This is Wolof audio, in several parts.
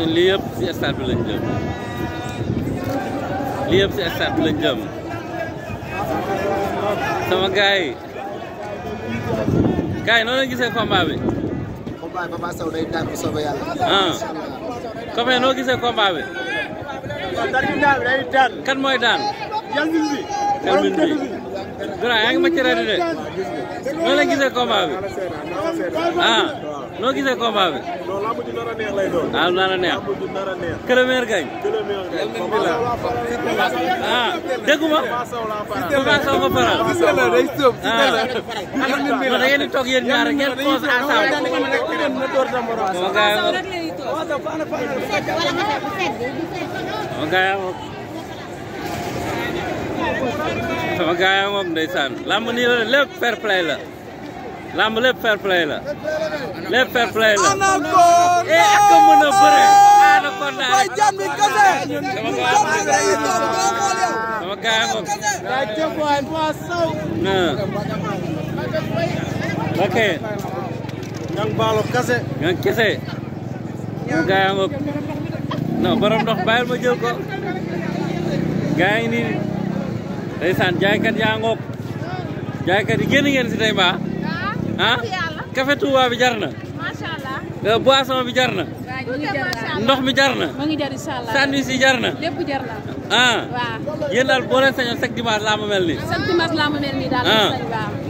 ñun lii yëpp si stade bi lañ jëm lii yëpp si stade bi lañ jëm sama gars yi gars yi noonu lañ gisee combat bi. combat bi Papa daan bu soobee ah. daan bi mooy daan. Dora yaa ngi ma ci rajo de noo la gisee combat bi ah noo gisee combat bi. non lamb ju nar a neex lay doon. ah nar a neex. Kërëmeer gañ. ah déggu ma. Papa Sow nga faral. ah non da ngeen di toog yéen ñaar ngeen xoos ensemble. ok ok. sama gars yi moom lépp fair la làmb lépp fair la lépp fair la eh ak ko mën a bëre anaconda rek sama gars yi moom ok ngang baalo kase ngang kese sama gars yi moom non borom nii ndeysaan jaaykat yaa ngoog jaaykat yi génn ngeen si tey mbaa ah café Touba bi jar na euh, boisson bi jar na ndox mi jar na sandwich yi jar na lépp jar na ah yéen daal boo leen sañoon chaque dimanche laa mel nii chaque dimanche laa mel nii daal ah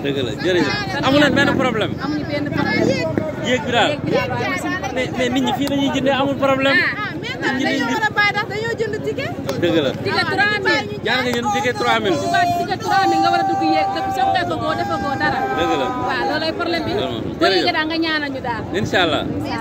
dëgg la jërëjëf amu leen benn problème amuñu bi daal mais nit fii la ñuy jëndee amul problème ah. dañoo war a bàyyi ndax dañoo jënd dëgg la ticket 3000. nga jënd ticket 3000. waaw ticket 3000 nga war a dugg yeeg def dara. dëgg la waaw loolay problème bi. jërëjëf boo yëgee daal nga ñaanal ñu daal. incha allah.